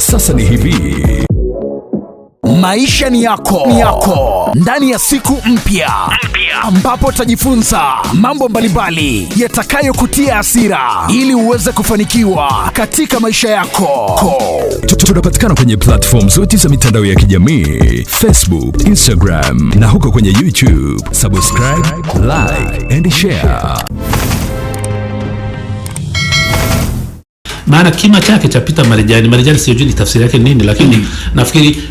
sasa ni hivi. Maisha ni yako, ni yako ndani ya siku mpya ambapo utajifunza mambo mbalimbali yatakayokutia asira ili uweze kufanikiwa katika maisha yako. Tunapatikana kwenye platform zote za mitandao ya kijamii Facebook, Instagram na huko kwenye YouTube. Subscribe, like and share. maana kima chake cha pita marejani. Marejani sijui ni tafsiri yake nini, lakini mm. nafikiri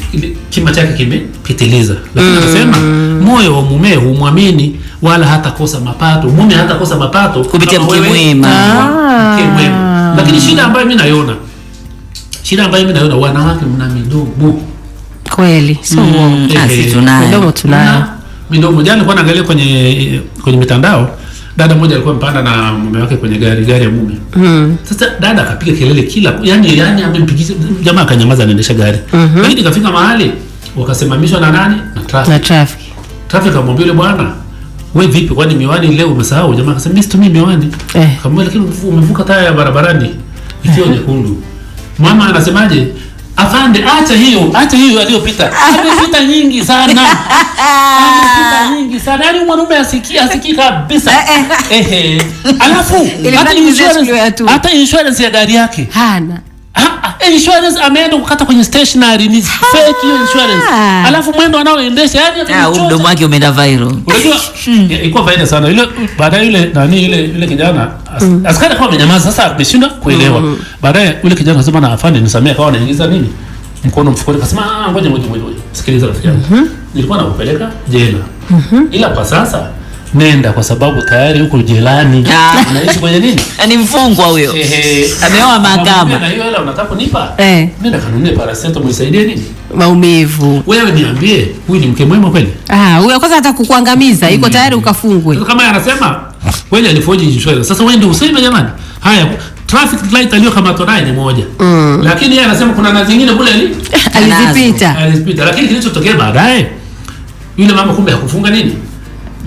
kima chake kimepitiliza, lakini anasema mm. moyo wa mume humwamini wala hata kosa mapato, mume hata kosa mapato kupitia ah, mke mwema, mke ah. Lakini shida ambayo mimi naiona, shida ambayo mimi naiona, wanawake mna midomo kweli, so mm. ah, sio eh, uongo, midomo tunayo midomo. Jana kwa naangalia kwenye kwenye mitandao dada moja alikuwa mpanda na mume wake kwenye gari gari ya mume. Mm. Sasa dada akapiga kelele kila yani yani amempigisha jamaa akanyamaza anaendesha gari. Mm -hmm. Lakini mahali wakasimamishwa na nani? Na traffic. Na traffic. Traffic akamwambia yule bwana, "We vipi kwani miwani leo umesahau?" Jamaa akasema, "Mimi situmii miwani." Eh. Kamwambia, "Lakini umevuka taya ya barabarani ikiwa eh. nyekundu." Mama anasemaje? Afande, acha hiyo, acha hiyo aliyopita. Amepita nyingi sana. Amepita nyingi sana. Yaani mwanaume asikii, asikii kabisa. Eh, eh. Ehe. Alafu hata insurance ya gari yake. Hana insurance ameenda kukata kwenye stationery ni fake hiyo insurance, ah. alafu mwendo anaoendesha yani ya ah, mdomo wake umeenda viral. Unajua mm. ilikuwa faida sana ile. Baadaye yule nani yule yule kijana mm. askari kwa amenyamaza, sasa ameshinda kuelewa. Mm. Baadaye yule kijana akasema na afande nisamee, kwa anaingiza nini mkono mfukoni, akasema ah, ngoja ngoja ngoja, sikiliza rafiki yangu, mhm. nilikuwa nakupeleka jela, mhm. ila kwa sasa nenda kwa sababu tayari huko jelani ah. unaishi kwenye nini? Ni mfungwa huyo. Ameoa mahakama. Na hiyo hela unataka kunipa? Eh. Nenda kanunue paracetamol msaidie nini? Maumivu. Wewe niambie, huyu ni mke mwema kweli? Ah, huyo kwanza atakukuangamiza, kukuangamiza, yuko hmm. tayari ukafungwe. Kama anasema kweli alifoji insurance. Sasa wewe ndio useme jamani. Haya, traffic light aliyokamatwa naye ni moja. Mm. Lakini yeye anasema kuna na zingine kule ali alizipita. Alizipita. Lakini kilichotokea baadaye yule mama kumbe hakufunga nini?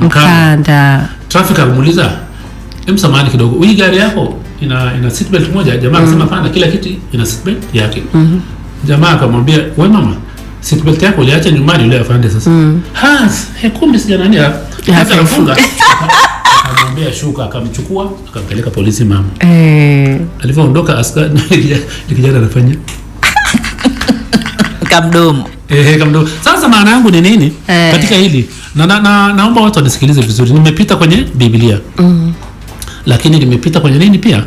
mkanda. Traffic akamuuliza hem, samahani kidogo, hii gari yako ina ina seatbelt moja? Jamaa mm. akasema pana kila kiti ina seatbelt yake. mm -hmm. Jamaa akamwambia we mama, seatbelt yako uliacha nyumbani yule afande. Sasa mm. Mm-hmm. has hekumbe sijanani hata nafunga akamwambia shuka, akamchukua akampeleka polisi mama. Eh, alivyoondoka askari kijana anafanya kamdomo. Ehe, kamdomo. Sasa maana yangu ni nini? Ehe. Katika hili na, na, na naomba watu wanisikilize vizuri. Nimepita kwenye Biblia. Mm. Lakini nimepita kwenye nini pia?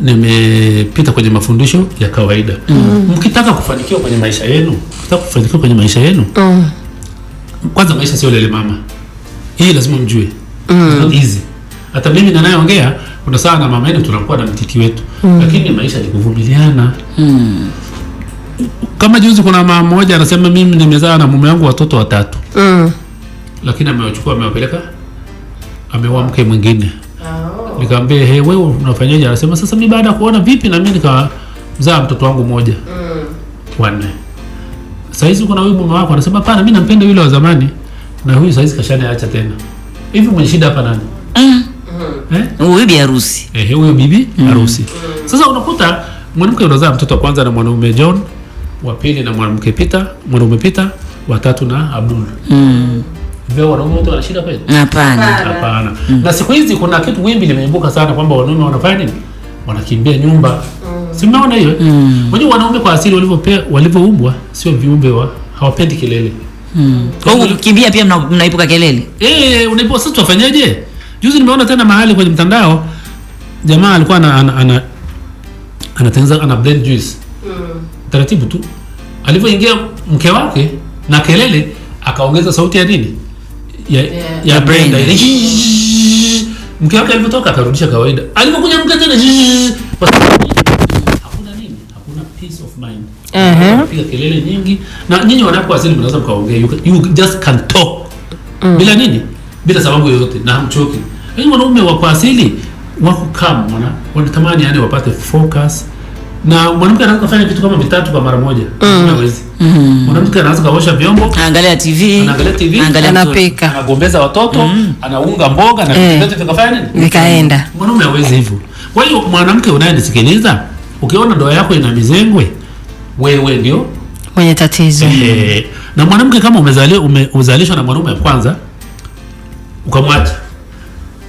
Nimepita kwenye mafundisho ya kawaida. Mm. Mkitaka kufanikiwa kwenye maisha yenu, mkitaka kufanikiwa kwenye maisha yenu. Mm. Kwanza maisha sio lele mama. Hii lazima mjue. Mm. easy. Hata mimi na nayeongea kuna sana mama yenu tunakuwa na mtiki wetu. Mm. Lakini maisha ni kuvumiliana. Mm kama juzi kuna mama mmoja anasema mimi nimezaa na mume wangu watoto watatu. Mm. Lakini amewachukua amewapeleka ameoa mke mwingine. Oh. Nikamwambia, "Hey, wewe unafanyaje?" Anasema, "Sasa mimi baada ya kuona vipi na mimi nikamzaa mtoto wangu mmoja." Mm. Wanne. Saizi kuna huyu mume wako anasema, pana mimi nampenda yule wa zamani." Na huyu saizi acha tena. Hivi mwenye shida hapa nani? Mm. Eh? Huyu bibi harusi. Eh, huyu bibi mm. harusi. Mm. Sasa unakuta mwanamke unazaa mtoto kwanza na mwanaume John wa pili na mwanamke pita mwanaume pita wa tatu na Abdul. Mm. Vyo wanaume wote wana kweli? Hapana. Hapana. Mm. Na siku hizi kuna kitu wimbi limeibuka sana kwamba wanaume wanafanya nini? Wanakimbia nyumba. Mm. Si mnaona hiyo? Mm. Unajua wanaume kwa asili walivyopea walivyoumbwa sio viumbe wa hawapendi kelele. Mm. Kwa hiyo kukimbia pia mna, mnaipuka kelele. Eh, unaipuka sasa tufanyaje? Juzi nimeona tena mahali kwenye mtandao jamaa alikuwa ana ana, ana ana, ana, ana blend juice taratibu tu. Alivyoingia mke wake na kelele, akaongeza sauti ya nini ya, ya, ya Brenda Mke wake alivyotoka akarudisha kawaida. Alivyokuja mke tena, hakuna nini, hakuna peace of mind. Eh, uh piga kelele nyingi, na nyinyi wanapo asili mnaweza mkaongea, you, just can talk mm. bila nini, bila sababu yoyote, na hamchoki. Yaani wanaume wa asili wako kama wanatamani yani wapate focus na mwanamke anaweza kufanya vitu kama vitatu kwa mara moja. Hawezi. Mm. Mm. Mwanamke anaweza kuosha vyombo, anaangalia TV, anaangalia TV, anaangalia, anapika, anagombeza watoto, mm. anaunga mboga na eh. vitu vyote vikafanya nini? nikaenda. Mwanamume hawezi hivyo. Kwa hiyo mwanamke unayenisikiliza, ukiona ndoa yako ina mizengwe, wewe ndio mwenye tatizo. Eh, na mwanamke kama umezaliwa umezalishwa na mwanamume wa kwanza ukamwacha,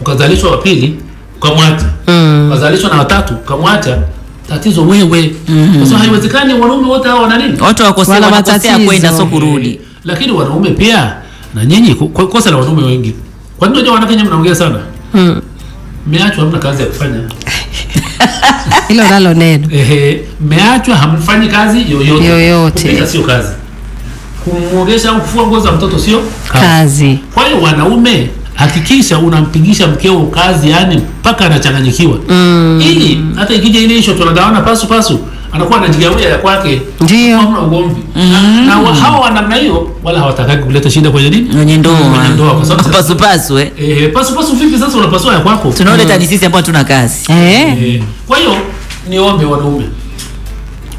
ukazalishwa wa pili ukamwacha, mm. ukazalishwa na watatu ukamwacha tatizo wewe, mm -hmm. Kwa sababu haiwezekani wanaume wote hao wana nini, watu wakosea, wanakosea kwenda sio kurudi. Lakini wanaume pia na nyinyi, kosa la wanaume wengi. Kwa nini unajua wanawake mnaongea sana mm. Mmeachwa hamna kazi ya kufanya hilo nalo neno ehe, mmeachwa hamfanyi kazi yoyote yoyote. sio kazi, kumwogesha au kufua nguo za mtoto sio kazi, kazi. Kwa hiyo wanaume hakikisha unampigisha mkeo kazi, yani mpaka anachanganyikiwa mm. ili hata ikija ile issue tunadawana pasu pasu anakuwa anajigawia ya kwake, ndio hamna ugomvi mm. na hawa wa namna hiyo wala hawataki kuleta shida kwenye nini, kwenye ndoa, kwenye ndoa, kwa sababu pasu pasu eh eh, pasu pasu vipi? Sasa unapasua ya kwako, tunaoleta mm. sisi ambao tuna kazi eh. E, kwa hiyo niombe wanaume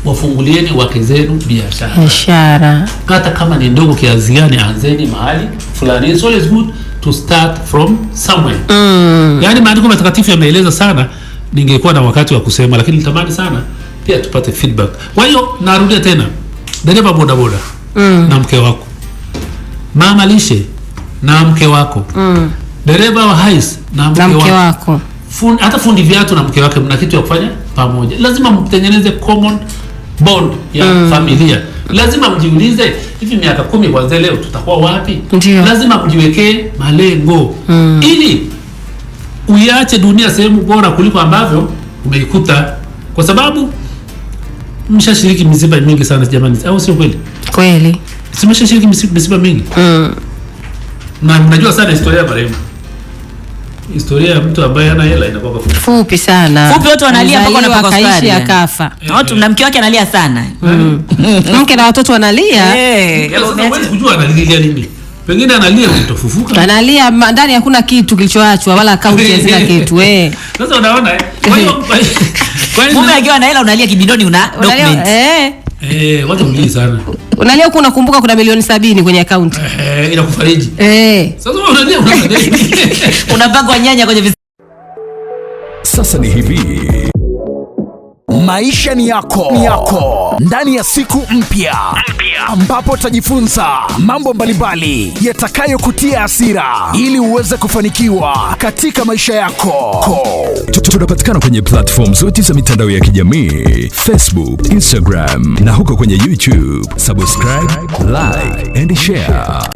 wafungulieni wake zenu biashara biashara, hata kama ni ndogo kiasi gani, anzeni mahali fulani, so is good to start from somewhere mm. Yaani maandiko matakatifu yameeleza sana, ningekuwa na wakati wa kusema, lakini nitamani sana pia tupate feedback. Kwa hiyo narudia tena, dereva bodaboda mm. na mke wako, mama lishe na mke wako mm. dereva wa hais na mke, na mke wako, wako. Fun, hata fundi viatu na mke wake mna kitu ya kufanya pamoja, lazima mtengeneze common bond ya mm. familia. Lazima mjiulize hivi, miaka kumi kuanzia leo tutakuwa wapi? Ndiyo. Lazima kujiwekee malengo mm. ili uiache dunia sehemu bora kuliko ambavyo umeikuta, kwa sababu mshashiriki misiba mingi sana jamani, au sio kweli? Kweli, simeshashiriki misiba mingi mm. na mnajua sana historia ya marehemu historia ya mtu ambaye hana hela inakuwa fupi. Fupi sana. Fupi watu wanalia mpaka wanapaka sukari. Akafa. Na watu na mke wake analia sana. Hmm. Mke na watoto wanalia. Eh, yaani Huwezi kujua analilia nini. Pengine analia kutofufuka. Analia ndani hakuna kitu kilichoachwa wala akaunti hazina kitu eh. Sasa unaona eh. Kwa hiyo kwa hiyo mume akiwa na hela unalia kibindoni una document. Eh. Eh, watu mlii sana. Na leo unakumbuka kuna milioni sabini kwenye akaunti. Eh, inakufariji. Eh. Sasa unajua Unabagwa nyanya kwenye Sasa ni hivi. Maisha ni yako, ni yako ndani ya siku mpya ambapo utajifunza mambo mbalimbali yatakayokutia asira ili uweze kufanikiwa katika maisha yako. Tunapatikana kwenye platform zote za mitandao ya kijamii Facebook, Instagram na huko kwenye YouTube. Subscribe, like and share.